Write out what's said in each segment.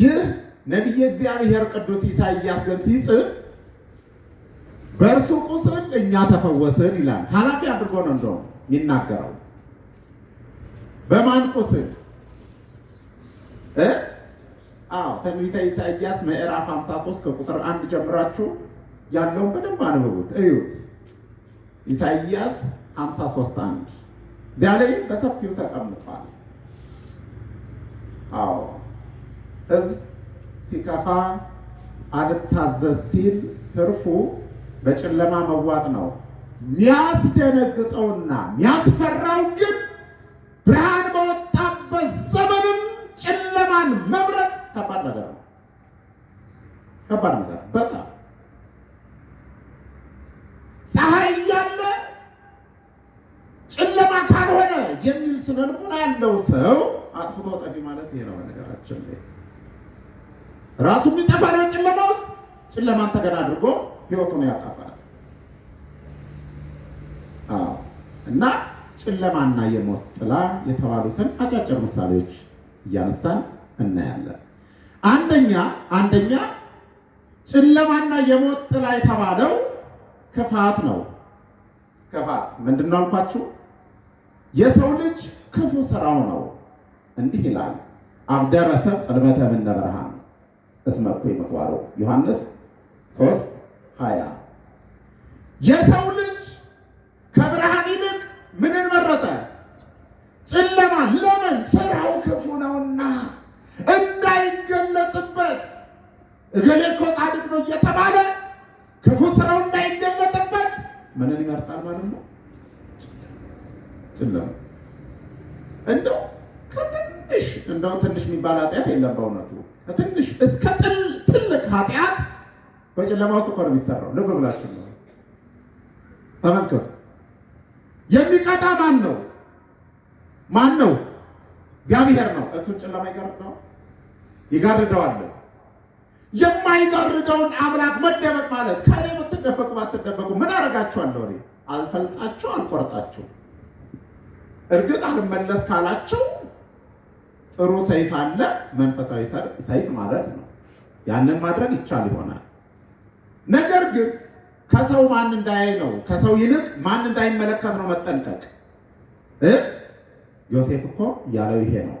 ይህ ነቢየ እግዚአብሔር ቅዱስ ኢሳይያስ ግን ሲጽፍ በእርሱ ቁስል እኛ ተፈወስን ይላል። ኃላፊ አድርጎ ነው እንደውም የሚናገረው። በማን ቁስል? አዎ ትንቢተ ኢሳይያስ ምዕራፍ 53 ከቁጥር አንድ ጀምራችሁ ያለውን በደንብ አንብቡት እዩት። ኢሳይያስ 53 አንድ እዚያ ላይ በሰፊው ተቀምጧል። አዎ ህዝብ ሲከፋ አልታዘዝ ሲል ትርፉ በጨለማ መዋጥ ነው። ሚያስደነግጠውና ሚያስፈራው ግን ብርሃን በወጣበት ዘመንም ጨለማን መምረጥ ከባድ ነገር ነው። ከባድ ነገር በጣም ፀሐይ ያለ ጨለማ ካልሆነ የሚል ስነ ያለው ሰው አጥፍቶ ጠፊ ማለት ይሄ ነው። ነገራችን ላይ ራሱ የሚጠፋ ነው ጨለማ ውስጥ ጨለማን ተገን አድርጎ ህይወቱን ያጠፋል። እና ጨለማና የሞት ጥላ የተባሉትን አጫጭር ምሳሌዎች እያነሳን እናያለን። አንደኛ አንደኛ ጨለማና የሞት ጥላ የተባለው ክፋት ነው። ክፋት ምንድን ነው አልኳችሁ? የሰው ልጅ ክፉ ስራው ነው። እንዲህ ይላል አብደረሰብ ጸልመተ ምነበረሃን እስመኩ ይምክዋሩ ዮሐንስ 3 20 የሰው በጨለማ ውስጥ እኮ ነው የሚሰራው። ልብ ብላችሁ ነው ተመልከቱ። የሚቀጣ ማን ነው? ማን ነው? እግዚአብሔር ነው። እሱን ጨለማ ይጋርድ ይጋርደዋል። የማይጋርደውን አምላክ መደበቅ ማለት ከእኔ ብትደበቁ ባትደበቁ ምን አደርጋችኋለሁ? እኔ አልፈልጣችሁ፣ አልቆርጣችሁ። እርግጥ አልመለስ ካላችሁ ጥሩ ሰይፍ አለ፣ መንፈሳዊ ሰይፍ ማለት ነው። ያንን ማድረግ ይቻል ይሆናል። ነገር ግን ከሰው ማን እንዳያይ ነው፣ ከሰው ይልቅ ማን እንዳይመለከት ነው መጠንቀቅ። ዮሴፍ እኮ ያለው ይሄ ነው።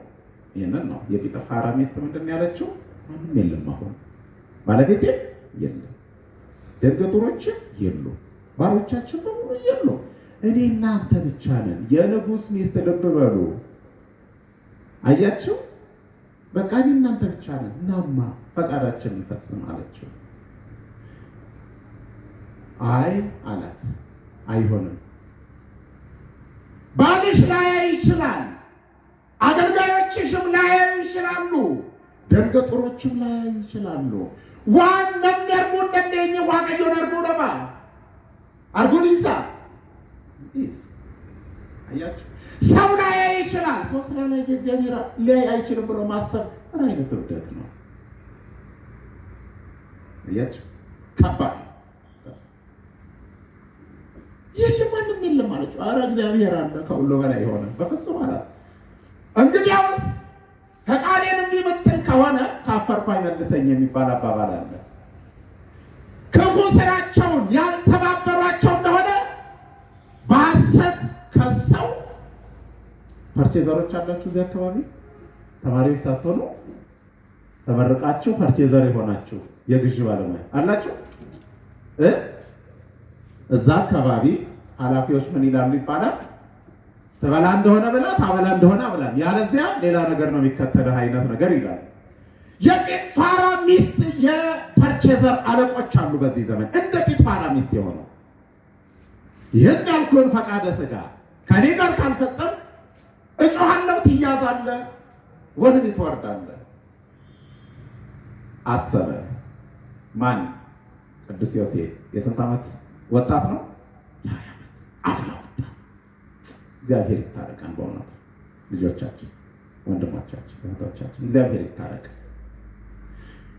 ይህንን ነው የጲጥፋራ ሚስት ምንድን ያለችው? ማንም የለም አሁን ባለቤቴ የለም፣ ደንገጡሮችም የሉ፣ ባሮቻችን በሙሉ የሉ፣ እኔ እናንተ ብቻ ነን። የንጉሥ ሚስት ልብ በሉ። አያችሁ፣ በቃ እኔ እናንተ ብቻ ነን። እናማ ፈቃዳችን እንፈጽም አለችው። አይ አላት፣ አይሆንም። ባልሽ ላይ ይችላል፣ አገልጋዮችሽም ላይ ይችላሉ፣ ደንገጡሮችም ላይ ይችላሉ። ዋን ነንደርቡ እንደንደኝ ዋቀዮ ነርቡ ነባ አርጉሊዛ ይዛ አያችሁ፣ ሰው ላይ ይችላል። ሰው ላይ እግዚአብሔር ላይ አይችልም ብሎ ማሰብ ምን አይነት እብደት ነው? አያችሁ፣ ከባድ የለም ማንም የለም አለችው። አረ እግዚአብሔር አለ ከሁሉ በላይ የሆነ በፍጹም አላት። እንግዲያውስ ፈቃዴን እምቢ የምትል ከሆነ ካፈርኩ አይመልሰኝ የሚባል አባባል አለ። ክፉ ስራቸውን ያልተባበሯቸው እንደሆነ በሐሰት ከሰው ፐርቼዘሮች አላችሁ እዚህ አካባቢ ተማሪዎች ሳትሆኑ ተመርቃችሁ ፐርቼዘር የሆናችሁ የግዥ ባለሙያ አላችሁ እዛ አካባቢ ኃላፊዎች ምን ይላሉ ይባላል። ትበላ እንደሆነ ብላ ታበላ እንደሆነ አብላል፣ ያለዚያ ሌላ ነገር ነው የሚከተልህ አይነት ነገር ይላል። የጲጥ ፋራ ሚስት የፐርቼዘር አለቆች አሉ በዚህ ዘመን እንደ ጲጥ ፋራ ሚስት የሆነው ይህን ያልኩህን ፈቃደ ስጋ ከኔ ጋር ካልፈጸም እጮሃለው፣ ትያዛለህ፣ ወህኒ ትወርዳለህ። አሰበ ማን ቅዱስ ዮሴፍ የስንት ዓመት ወጣት ነው አፍለ ወጣት። እግዚአብሔር ይታረቀን በእውነት ልጆቻችን፣ ወንድሞቻችን፣ እህቶቻችን እግዚአብሔር ይታረቀን።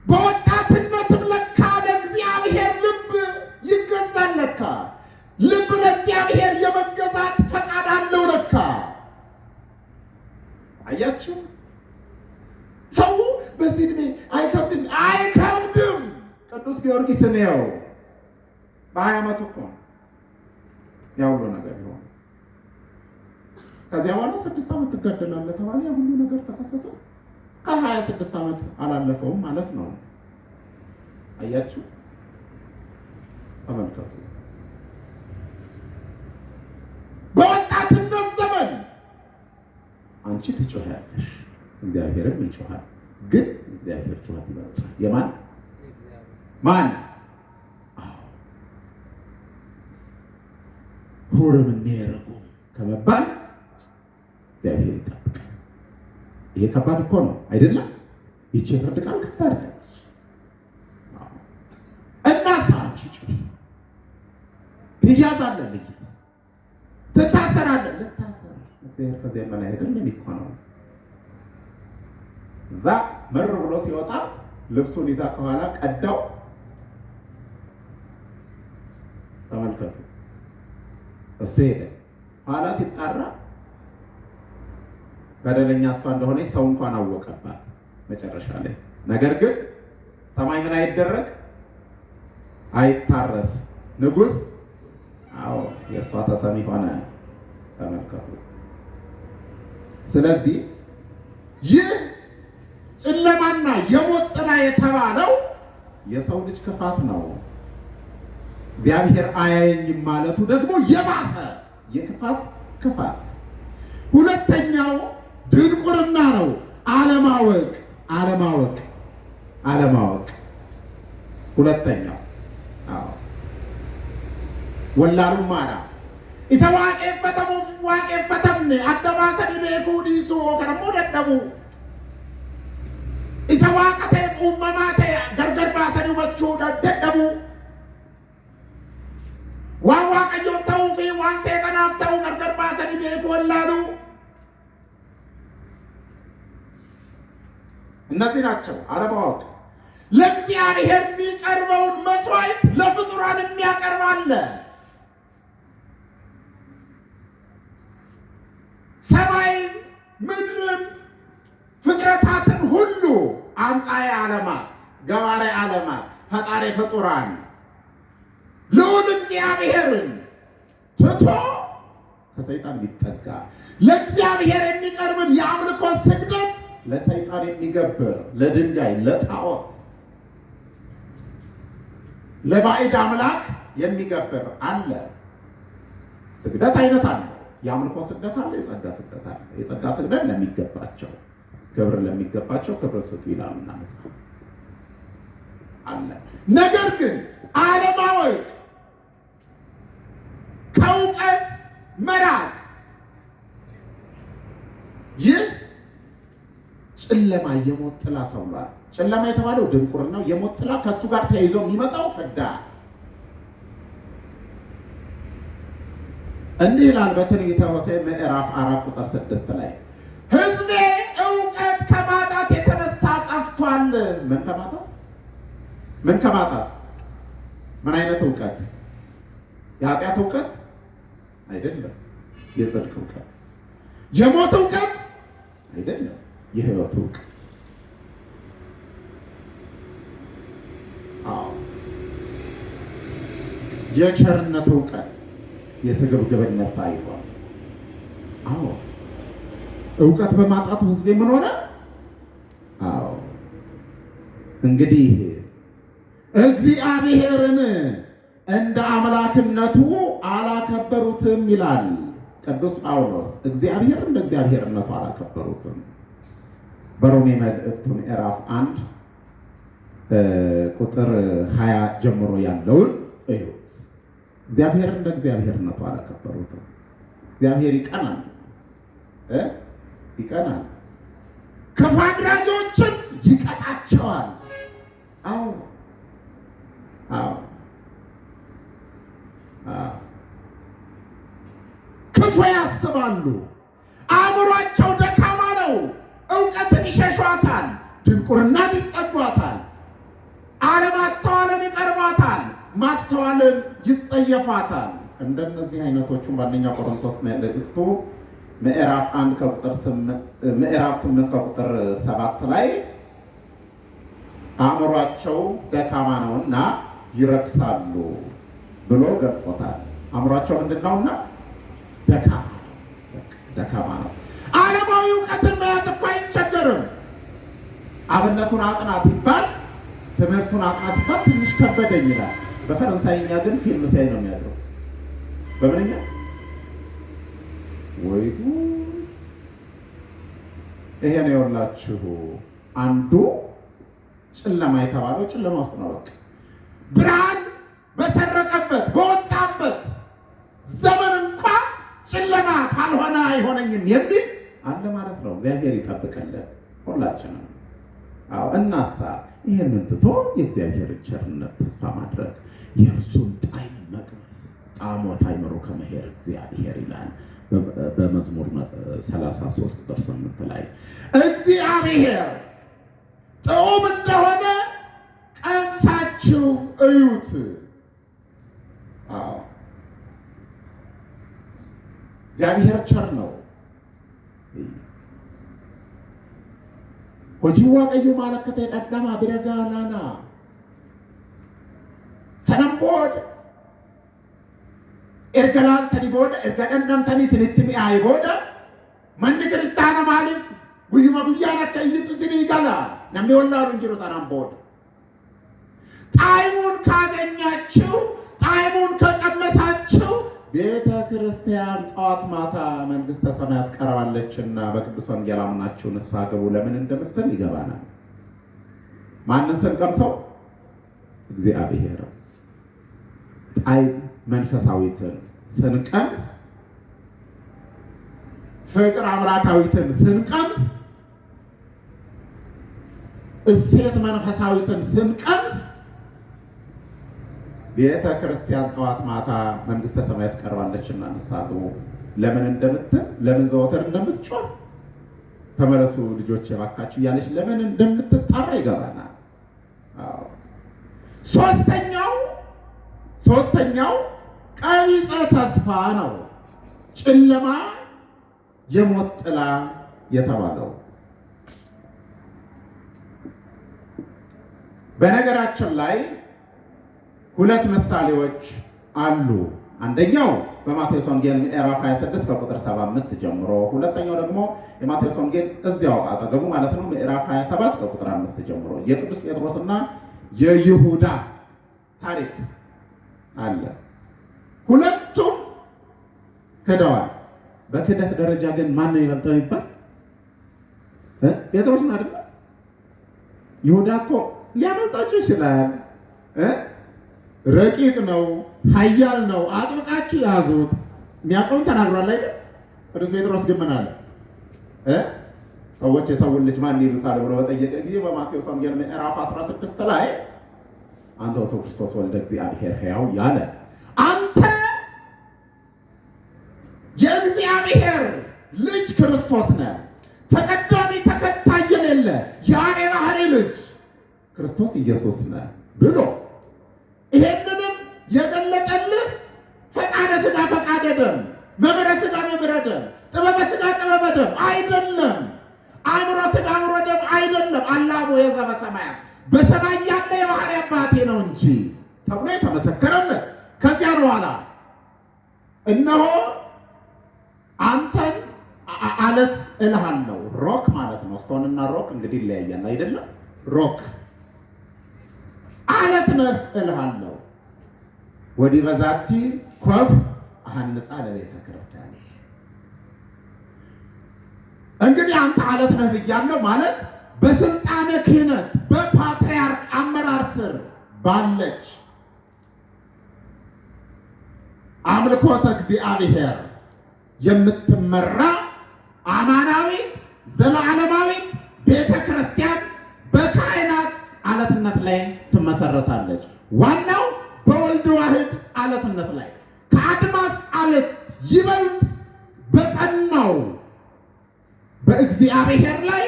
በወጣትነትም ለካ ለእግዚአብሔር ልብ ይገዛል። ለካ ልብ ለእግዚአብሔር የመገዛት ፈቃድ አለው። ለካ አያችሁ ሰው በዚህ ዕድሜ አይከብድም አይከብድም። ቅዱስ ጊዮርጊስ ነው በሀያ ዓመቱ እኮ ነው ያ ሁሉ ነገር ቢሆን። ከዚያ በኋላ ስድስት ዓመት ትገደላለህ ተባለ። ያ ሁሉ ነገር ተከሰተ። ከሀያ ስድስት ዓመት አላለፈውም ማለት ነው። አያችሁ፣ ተመልከቱ። በወጣትነት ዘመን አንቺ ትጮኸያለሽ፣ እግዚአብሔርም ይጮሃል። ግን እግዚአብሔር ጩኸት ይመጣል። የማን ማን ምሁርም እንየረጉ ከመባል እግዚአብሔር ይጠብቃል። ይሄ ከባድ እኮ ነው አይደለም? ይቺ የፍርድ ቃል ከባድ እና ሰዓት ይጩ ትያዛለህ፣ ልጅ ትታሰራለህ። ልታሰር እግዚአብሔር ከዚያ በላይ አይደለም የሚኮነው እዛ ምር ብሎ ሲወጣ ልብሱን ይዛ ከኋላ ቀዳው። ተመልከቱ እሱ ሄደ። ኋላ ሲጣራ በደለኛ እሷ እንደሆነ ሰው እንኳን አወቀባት መጨረሻ ላይ። ነገር ግን ሰማይ ምን አይደረግ አይታረስ ንጉስ አዎ የእሷ ተሰሚ ሆነ። ተመልከቱ። ስለዚህ ይህ ጨለማና የሞት ጥላ የተባለው የሰው ልጅ ክፋት ነው። እግዚአብሔር አያየኝም ማለቱ ደግሞ የባሰ የክፋት ክፋት። ሁለተኛው ድንቁርና ነው፣ አለማወቅ አለማወቅ አለማወቅ። ሁለተኛው ወላሉ ማራ ኢሰዋቄፈተሙ ዋቄፈተምኔ አደባሰን ቤኩዲሱ ከረሞ ደደቡ ኢሰዋቀቴ ኡመማቴ ገርገርባሰን መቹ ደደ waan waaqayyoon ta'uu fi waan እነዚህ ናቸው ለእግዚአብሔር የሚቀርበውን መስዋዕት ለፍጡራን የሚያቀርባለ ሰማይን ምድርን ፍጥረታትን ሁሉ አንጻኤ ዓለማት ገባሬ ዓለማት ፈጣሪ ፍጡራን ልዑል እግዚአብሔርን ትቶ ከሰይጣን ቢጠጋ ለእግዚአብሔር የሚቀርብን የአምልኮ ስግደት ለሰይጣን የሚገብር ለድንጋይ ለጣዖት ለባዕድ አምላክ የሚገብር አለ። ስግደት አይነት አለ። የአምልኮ ስግደት አለ፣ የጸጋ ስግደት አለ። የጸጋ ስግደት ለሚገባቸው ክብር ለሚገባቸው ክብር ስጡ ይላል እና መጽሐፍ አለ። ነገር ግን ዓለማዊ ከእውቀት መራቅ ይህ ጨለማ የሞት ጥላ ተብሏል። ጨለማ የተባለው ድንቁር ነው። የሞት ጥላ ከእሱ ጋር ተያይዞ የሚመጣው ፍዳ እንዲህ ይላል በትንቢተ ሆሴዕ ምዕራፍ አራት ቁጥር ስድስት ላይ ሕዝቤ እውቀት ከማጣት የተነሳ ጠፍቷል። ምን ከማጣት ምን ከማጣት ምን አይነት እውቀት? የኃጢአት እውቀት አይደለም። የጽድቅ እውቀት፣ የሞት እውቀት አይደለም። የህይወት እውቀት የቸርነት እውቀት የስግብግብነት ሳይሆን፣ አዎ እውቀት በማጣት ህዝብ ምን ሆነ? አዎ እንግዲህ እግዚአብሔርን እንደ አምላክነቱ አላከበሩትም ይላል ቅዱስ ጳውሎስ። እግዚአብሔር እንደ እግዚአብሔርነቱ አላከበሩትም። በሮሜ መልእክቱ ምዕራፍ አንድ ቁጥር ሀያ ጀምሮ ያለውን እዩት። እግዚአብሔር እንደ እግዚአብሔርነቱ አላከበሩትም። እግዚአብሔር ይቀናል እ ይቀናል ክፉ አድራጊዎችን ይቀጣቸዋል። አዎ ይሆናሉ። አእምሯቸው ደካማ ነው። እውቀትን ይሸሿታል፣ ድንቁርናን ይጠጓታል፣ አለማስተዋልን ይቀርባታል፣ ማስተዋልን ይጸየፏታል። እንደነዚህ አይነቶቹም በአንደኛ ቆሮንቶስ መልእክቱ ምዕራፍ አንድ ከቁጥር ምዕራፍ ስምንት ከቁጥር ሰባት ላይ አእምሯቸው ደካማ ነውና ይረክሳሉ ብሎ ገልጾታል። አእምሯቸው ምንድን ነውና ደካማ ደካማ ነው። ዓለማዊ እውቀትን መያዝ እኮ አይቸገርም። አብነቱን አጥና ሲባል ትምህርቱን አጥና ሲባል ትንሽ ከበደኝ ይላል። በፈረንሳይኛ ግን ፊልም ሳይ ነው የሚያድረው። በምንኛ ወይ ይሄ ነው የወላችሁ አንዱ ጨለማ የተባለው ጨለማ ውስጥ ነው። በቃ ብርሃን በሰረቀበት ካልሆነ አይሆነኝም የሚል አለ ማለት ነው። እግዚአብሔር ይጠብቀልን ሁላችንም። አዎ እናሳ ይህንን ትቶ የእግዚአብሔር ቸርነት ተስፋ ማድረግ የእርሱን ጣዕም መቅመስ ጣሞት አይምሮ ከመሄድ እግዚአብሔር ይላል በመዝሙር 33 ቁጥር 8 ላይ እግዚአብሔር ጥዑም እንደሆነ ቀምሳችሁ እዩት። እግዚአብሔር ቸር ነው። hojii waaqayyoo maal akka ta'e dhadhama bira gaalaana sanan booda erga laaltanii booda erga dhandhamtanii isinitti mi'aaye booda manni kiristaana maaliif guyyuma guyyaan akka iyyitu isinii gala namni wallaalu hin jiru sanan booda ጣዕሙን ካገኛችሁ ጣዕሙን ከቀመሳችሁ ቤተ ክርስቲያን ጠዋት ማታ መንግስተ ሰማያት ቀርባለችና በቅዱስ ወንጌል አምናችሁ ንስሐ ግቡ ለምን እንደምትል ይገባናል። ማንን ስንቀምሰው? እግዚአብሔር ጣይ መንፈሳዊትን ስንቀምስ፣ ፍቅር አምላካዊትን ስንቀምስ፣ እሴት መንፈሳዊትን ስንቀምስ ቤተ ክርስቲያን ጠዋት ማታ መንግስተ ሰማያት ቀርባለችና ንስሐ ግቡ ለምን እንደምትል ለምን ዘወትር እንደምትጮህ ተመለሱ ልጆች እባካችሁ እያለች ለምን እንደምትጣራ ይገባናል። ሶስተኛው ሶስተኛው ቀቢጸ ተስፋ ነው። ጨለማ የሞት ጥላ የተባለው በነገራችን ላይ ሁለት ምሳሌዎች አሉ። አንደኛው በማቴዎስ ወንጌል ምዕራፍ 26 ከቁጥር 75 ጀምሮ፣ ሁለተኛው ደግሞ የማቴዎስ ወንጌል እዚያው አጠገቡ ማለት ነው ምዕራፍ 27 ከቁጥር 5 ጀምሮ የቅዱስ ጴጥሮስና የይሁዳ ታሪክ አለ። ሁለቱም ክደዋል። በክደት ደረጃ ግን ማን ነው ይበልጠው ይባል? ጴጥሮስን አይደለ? ይሁዳ እኮ ሊያመልጣቸው ይችላል። ረቂቅ ነው፣ ኃያል ነው። አጥብቃችሁ ያዙት። የሚያውቀውን ተናግሯል አይደል? ቅዱስ ጴጥሮስ ግን ምን አለ? ሰዎች የሰውን ልጅ ማን ይሉታል ብሎ በጠየቀ ጊዜ በማቴዎስ ወንጌል ምዕራፍ 16 ላይ አንተ ወሰው ክርስቶስ ወልደ እግዚአብሔር ሕያው ያለ አንተ የእግዚአብሔር ልጅ ክርስቶስ ነ ተቀዳሚ ተከታይ የሌለ የአሬ ባህሪ ልጅ ክርስቶስ ኢየሱስ ነ? ብሎ ይሄንንም የገለጠልህ ፈቃደ ስጋ ፈቃደ ደም፣ መብረ ስጋ መብረ ደም፣ ጥበበ ስጋ ጥበበ ደም አይደለም። አእምሮ ስጋ አእምሮ ደም አይደለም። አላቦ የዘበ ሰማያት በሰማይ ያለ የባህሪ አባቴ ነው እንጂ ተብሎ የተመሰከረለት። ከዚያ በኋላ እነሆ አንተን አለት እልሃለሁ። ሮክ ማለት ነው። ስቶንና ሮክ እንግዲህ ይለያያል አይደለም? ሮክ አለት ነህ እልሃለሁ። ወዲህ በዛቲ ኮፍ አሐንጻ ለቤተ ክርስቲያን። እንግዲህ አንተ አለት ነህ ብያለሁ ማለት በስልጣነ ክህነት በፓትርያርክ አመራር ስር ባለች አምልኮተ እግዚአብሔር የምትመራ አማናዊት ዘላለማዊት ቤተ ክርስቲያን በካህናት አለትነት ላይ ትመሰረታለች። ዋናው በወልድ ዋህድ አለትነት ላይ ከአድማስ አለት ይበልጥ በጠናው በእግዚአብሔር ላይ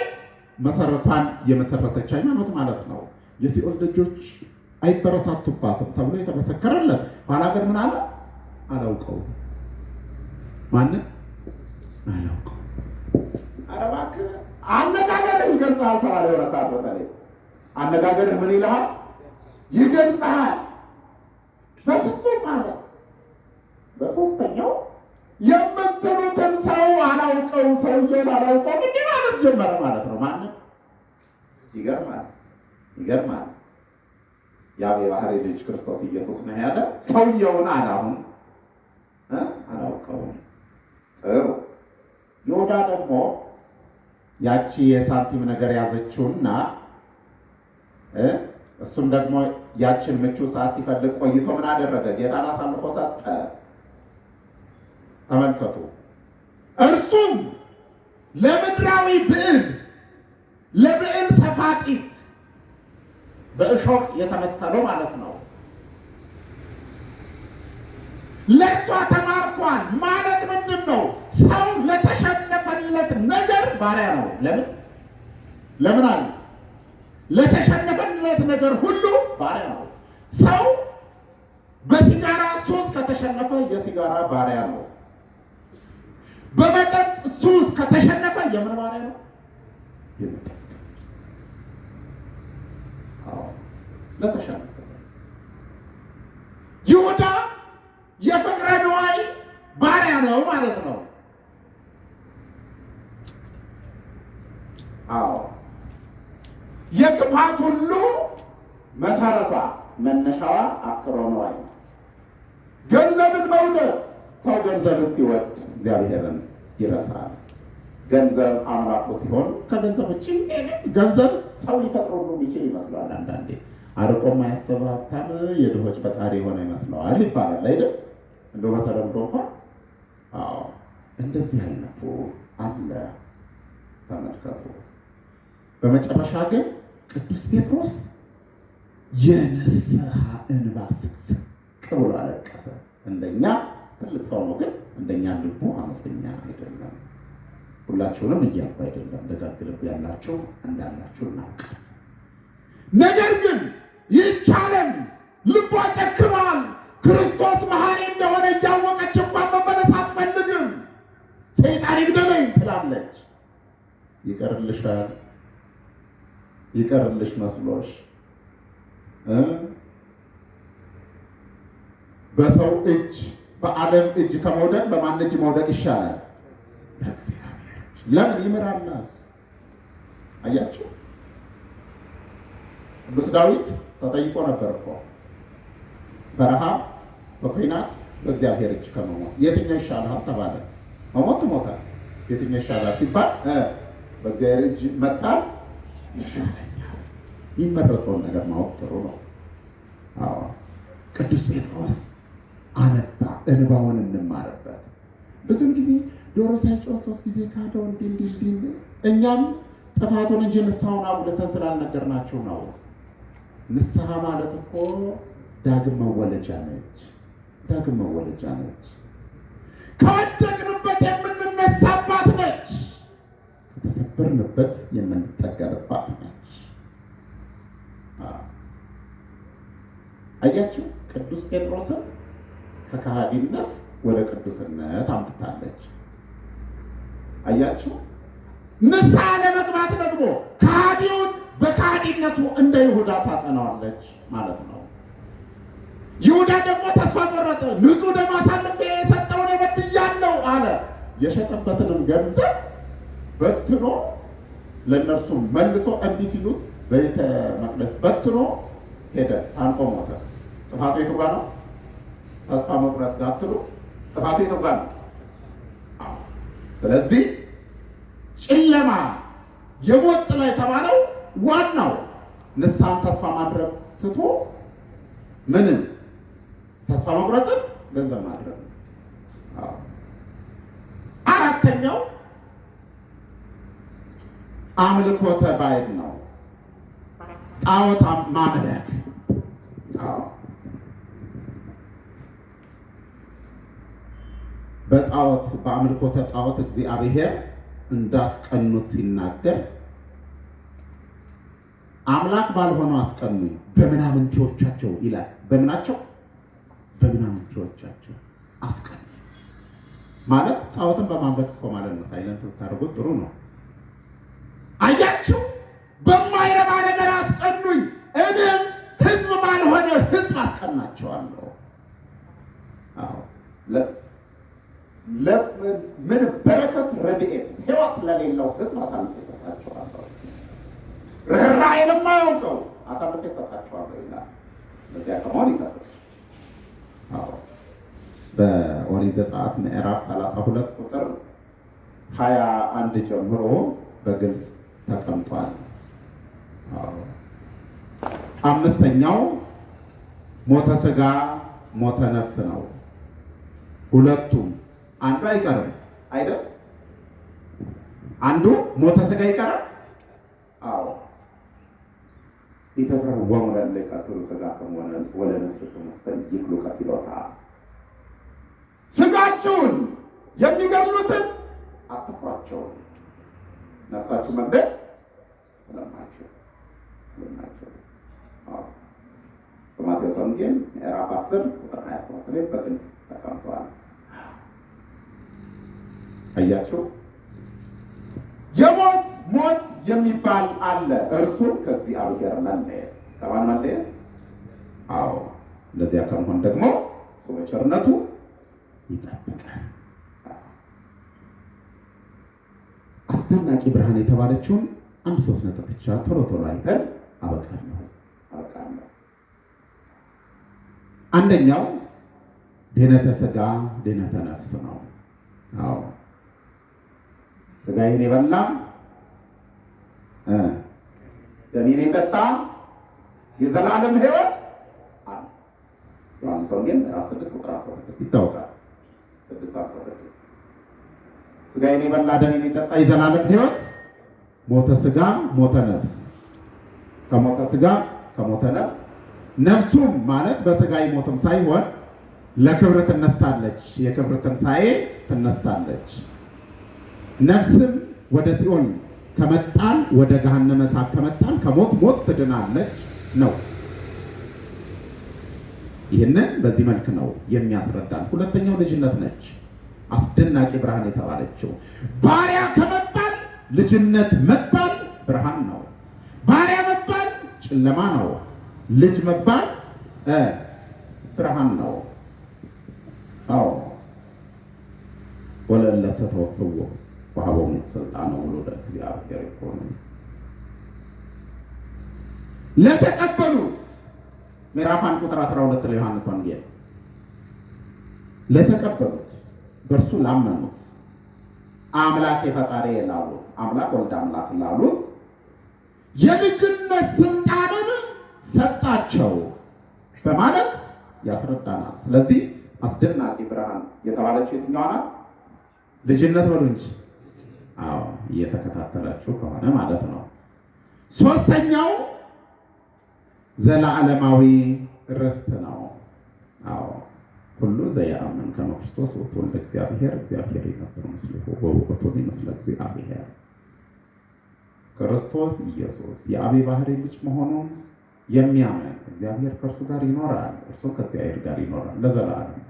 መሰረቷን የመሰረተች ሃይማኖት ማለት ነው። የሲኦል ደጆች አይበረታቱባትም ተብሎ የተመሰከረለት ኋላ ግን ምን አለ? አላውቀውም። ማንን አላውቀው። ኧረ እባክህ አነጋገርህ ይገልጽሃል ተባለ። የሆነ ሰዓት በተለይ አነጋገርህ ምን ይልሃል? ይገልጽሃል። በፍጹም አለ። በሶስተኛው የምትሉትን ሰው አላውቀው፣ ሰውዬን አላውቀው እንዲህ ማለት ጀመረ ማለት ነው። ማንም ይገርማል፣ ይገርማል። ያው የባህሪ ልጅ ክርስቶስ ኢየሱስ ነው ያለ ሰውየውን አላሁን አላውቀውም። ጥሩ ይሁዳ ደግሞ ያቺ የሳንቲም ነገር ያዘችውና እሱም ደግሞ ያችን ምቹ ሰዓት ሲፈልግ ቆይቶ ምን አደረገ? ጌታን አሳልፎ ሰጠ። ተመልከቱ። እርሱም ለምድራዊ ብዕል ለብዕል ሰፋቂት በእሾቅ የተመሰለው ማለት ነው። ለእሷ ተማርኳል ማለት ምንድን ነው? ሰው ለተሸነፈለት ነገር ባሪያ ነው። ለምን ለምን አለ ለተሸ አይነት ነገር ሁሉ ባሪያ ነው። ሰው በሲጋራ ሱስ ከተሸነፈ የሲጋራ ባሪያ ነው። በመጠጥ ሱስ ከተሸነፈ የምን ባሪያ ነው? የመጠጥ ይሁዳ የፍቅረ ንዋይ ባሪያ ነው ማለት ነው። አዎ የጥፋት ሁሉ መሰረቷ መነሻዋ አክሮኗ ገንዘብን መውደድ። ሰው ገንዘብን ሲወድ እግዚአብሔርን ይረሳል። ገንዘብ አምላኩ ሲሆን ከገንዘብ ውጭ ገንዘብ ሰው ሊፈጥሮ የሚችል ይመስለዋል። አንዳንዴ አርቆ የማያስብ ሀብታም የድሆች ፈጣሪ የሆነ ይመስለዋል ይባላል አይደል? እንደው በተለምዶ እንኳን አዎ፣ እንደዚህ አይነቱ አለ። ተመልከቱ። በመጨረሻ ግን ቅዱስ ጴጥሮስ የንስሐ እንባ ስቅስቅ ብሎ አለቀሰ። እንደኛ ትልቅ ሰው ነው፣ ግን እንደኛ ልቡ አመፀኛ አይደለም። ሁላችሁንም እያልኩ አይደለም። ደጋግ ልብ ያላችሁ እንዳላችሁ እናውቃለን። ነገር ግን ይቻለን ልቧ ጨክሯል። ክርስቶስ መሐሪ እንደሆነ እያወቀች እንኳን መመለስ አትፈልግም። ሰይጣን ይግደለኝ ትላለች። ይቀርልሻል ይቀርልሽ መስሎሽ በሰው እጅ በዓለም እጅ ከመውደቅ በማን እጅ መውደቅ ይሻላል? ለምን ይምራና አያችሁ፣ ቅዱስ ዳዊት ተጠይቆ ነበር እኮ በረሃብ በኩናት በእግዚአብሔር እጅ ከመሞት የትኛው ይሻልሃል ተባለ። መሞት ሞታል፣ የትኛው ይሻልሃል ሲባል በእግዚአብሔር እጅ መጣል ይሻለኛል። የሚመረጠውን ነገር ማወቅ ጥሩ ነው። አዎ ቅዱስ ጴጥሮስ አነባ፣ እንባውን እንማርበት። ብዙም ጊዜ ዶሮ ሳይጮህ ሶስት ጊዜ ካለው እንዲህ እንዲህ ሲል እኛም ጥፋቱን እንጂ ንስሐውን አጉልተን ስላልነገርናችሁ ነው። ንስሐ ማለት እኮ ዳግም መወለጃ ነች። ዳግም መወለጃ ነች ከወደቅንበት ካከበርንበት የምንጠቀምባት ነች። አያችሁ፣ ቅዱስ ጴጥሮስን ከካሃዲነት ወደ ቅዱስነት አምጥታለች። አያችሁ፣ ንስሐ ለመግባት ደግሞ ከሃዲውን በካሃዲነቱ እንደ ይሁዳ ታጸናዋለች ማለት ነው። ይሁዳ ደግሞ ተስፋ ቆረጠ። ንጹሕ ደም አሳልፌ የሰጠውን በድያለሁ አለ። የሸጠበትንም ገንዘብ በትኖ ለእነርሱ መልሶ እምቢ ሲሉት በቤተ መቅደስ በትኖ ሄደ፣ ታንቆ ሞተ። ጥፋቱ የቱ ጋ ነው? ተስፋ መቁረጥ ጋር ትሉ ጥፋቱ የቱ ጋ ነው? ስለዚህ ጨለማ የሞት ጥላ የተባለው ዋናው ንስሐን ተስፋ ማድረግ ትቶ ምንም ተስፋ መቁረጥን ገንዘብ ማድረግ ነው። አራተኛው አምልኮተ ባዕድ ነው። ጣዖት ማምለክ በጣዖት በአምልኮተ ጣዖት እግዚአብሔር እንዳስቀኑት ሲናገር አምላክ ባልሆነው አስቀኑ በምናምንቴዎቻቸው ይላል። በምናቸው በምናምንቴዎቻቸው አስቀኑ ማለት ጣዖትን በማምለክ እኮ ማለት ነው። ሳይለንት ብታደርጉት ጥሩ ነው። አያችሁ፣ በማይረባ ነገር አስቀኑኝ፣ እኔም ህዝብ ባልሆነ ህዝብ አስቀናቸዋለሁ። ምን በረከት ረድኤት፣ ህይወት ለሌለው ህዝብ አሳልፌ እሰጣቸዋለሁ። ርኅራኄ ለማያውቀው አሳልፌ እሰጣቸዋለሁ ይላል። በዚያ ከመሆን ይጠብቅ። በኦሪት ዘጸአት ምዕራፍ 32 ቁጥር 21 ጀምሮ በግልጽ ተቀምጧል። አምስተኛው ሞተ ስጋ ሞተ ነፍስ ነው። ሁለቱም አንዱ አይቀርም አይደል? አንዱ ሞተ ስጋ ይቀራል። አዎ ኢተፈር ወሙለለ ስጋ ከሆነ ነፍስ ስጋችሁን የሚገድሉትን አትፍሯቸውም ነፍሳችሁ መንደድ ስለማችሁ ስለማችሁ በማቴዎስ ወንጌል ምዕራፍ ቁጥር ላይ በግልጽ አያችሁ የሞት ሞት የሚባል አለ። እርሱን ከእግዚአብሔር መለየት ከማን መለየት? አዎ እንደዚያ ከመሆን ደግሞ ይጠብቃል። አስደናቂ ብርሃን የተባለችውን አንድ ሶስት ነጥብ ብቻ ቶሎ ቶሎ አይተን አበቃለሁ። አንደኛው ድህነተ ስጋ ድህነተ ነፍስ ነው። አዎ ይህን የበላ ደሜን የጠጣ የዘላለም ህይወት ዮሐንስ ወንጌል ምዕራፍ ስድስት ቁጥር አስራ ስድስት ይታወቃል። ስድስት አስራ ስድስት ስጋዬን የበላ ደሜን የሚጠጣ የዘላለም ሕይወት ሞተ ስጋ ሞተ ነፍስ ከሞተ ስጋ ከሞተ ነፍስ ነፍሱም ማለት በስጋ ሞትም ሳይሆን ለክብር ትነሳለች፣ የክብር ትንሣኤ ትነሳለች። ነፍስም ወደ ሲኦል ከመጣል ወደ ገሃነመ እሳት ከመጣል ከሞት ሞት ትድናለች ነው። ይህንን በዚህ መልክ ነው የሚያስረዳን። ሁለተኛው ልጅነት ነች። አስደናቂ ብርሃን የተባለችው ባሪያ ከመባል ልጅነት መባል ብርሃን ነው። ባሪያ መባል ጨለማ ነው። ልጅ መባል ብርሃን ነው። አዎ ወለለሰ ተወክቦ በሀቦሙ ነው ብሎ ለእግዚአብሔር ይኮኑ ለተቀበሉት ምዕራፍ አንድ ቁጥር 12 ለዮሐንስ ወንጌል ለተቀበሉት በእርሱ ላመኑት አምላክ የፈጣሪ ላሉት አምላክ ወልድ አምላክ ላሉት የልጅነት ስልጣንን ሰጣቸው በማለት ያስረዳናል። ስለዚህ አስደናቂ ብርሃን የተባለችው የትኛዋ ናት? ልጅነት በሉ እንጂ። አዎ እየተከታተላችሁ ከሆነ ማለት ነው። ሶስተኛው ዘለዓለማዊ ርስት ነው። አዎ ሁሉ ዘያአምን ከመ ክርስቶስ ውእቱ እንደ እግዚአብሔር እግዚአብሔር ይነብር ምስሌሁ ወውእቱ ይመስለ እግዚአብሔር። ክርስቶስ ኢየሱስ የአብ ባህሪ ልጅ መሆኑን የሚያምን እግዚአብሔር ከእርሱ ጋር ይኖራል፣ እርሱ ከእግዚአብሔር ጋር ይኖራል ለዘላለም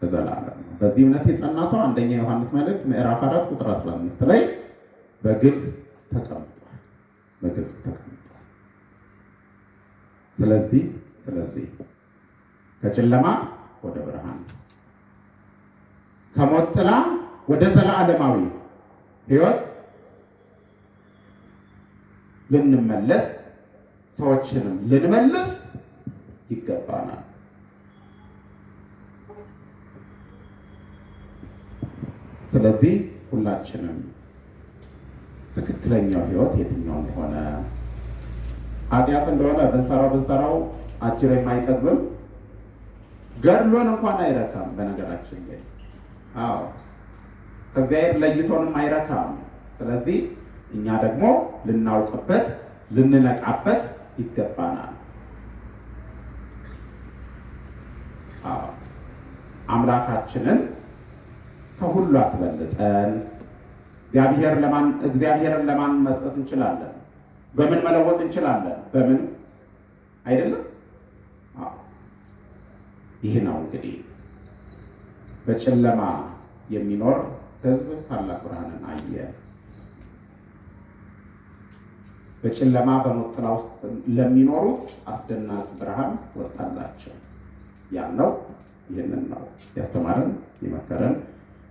ለዘላለም ነው። በዚህ እምነት የጸና ሰው አንደኛ ዮሐንስ መልእክት ምዕራፍ አራት ቁጥር አስራ አምስት ላይ በግልጽ ተቀምጧል፣ በግልጽ ተቀምጧል። ስለዚህ ስለዚህ ከጨለማ ወደ ብርሃን፣ ከሞት ጥላ ወደ ዘላለማዊ ህይወት ልንመለስ ሰዎችንም ልንመልስ ይገባናል። ስለዚህ ሁላችንም ትክክለኛው ህይወት የትኛው እንደሆነ ኃጢአት እንደሆነ ብንሰራው ብንሰራው አጅር የማይጠግብም ገድሎን እንኳን አይረካም። በነገራችን ላይ አዎ ከእግዚአብሔር ለይቶንም አይረካም። ስለዚህ እኛ ደግሞ ልናውቅበት ልንነቃበት ይገባናል። አምላካችንን ከሁሉ አስበልጠን እግዚአብሔርን ለማን መስጠት እንችላለን? በምን መለወጥ እንችላለን? በምን አይደለም ይህ ነው እንግዲህ በጨለማ የሚኖር ህዝብ ታላቅ ብርሃንን አየ። በጨለማ በሞት ጥላ ውስጥ ለሚኖሩት አስደናቂ ብርሃን ወጣላቸው። ነው ይህንን ነው ያስተማረን፣ የመከረን፣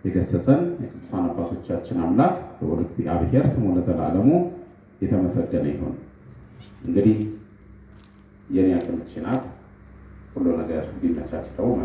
የገሰሰን የቅዱሳን አባቶቻችን አምላክ በወደ እግዚአብሔር ስሙ ለዘላለሙ የተመሰገነ ይሁን። እንግዲህ የኔ አቅምቼ ናት por lo de guerra y